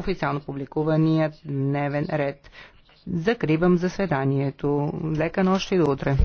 официално публикуваният дневен ред. Закривам заседанието. Лека нощ и до утре.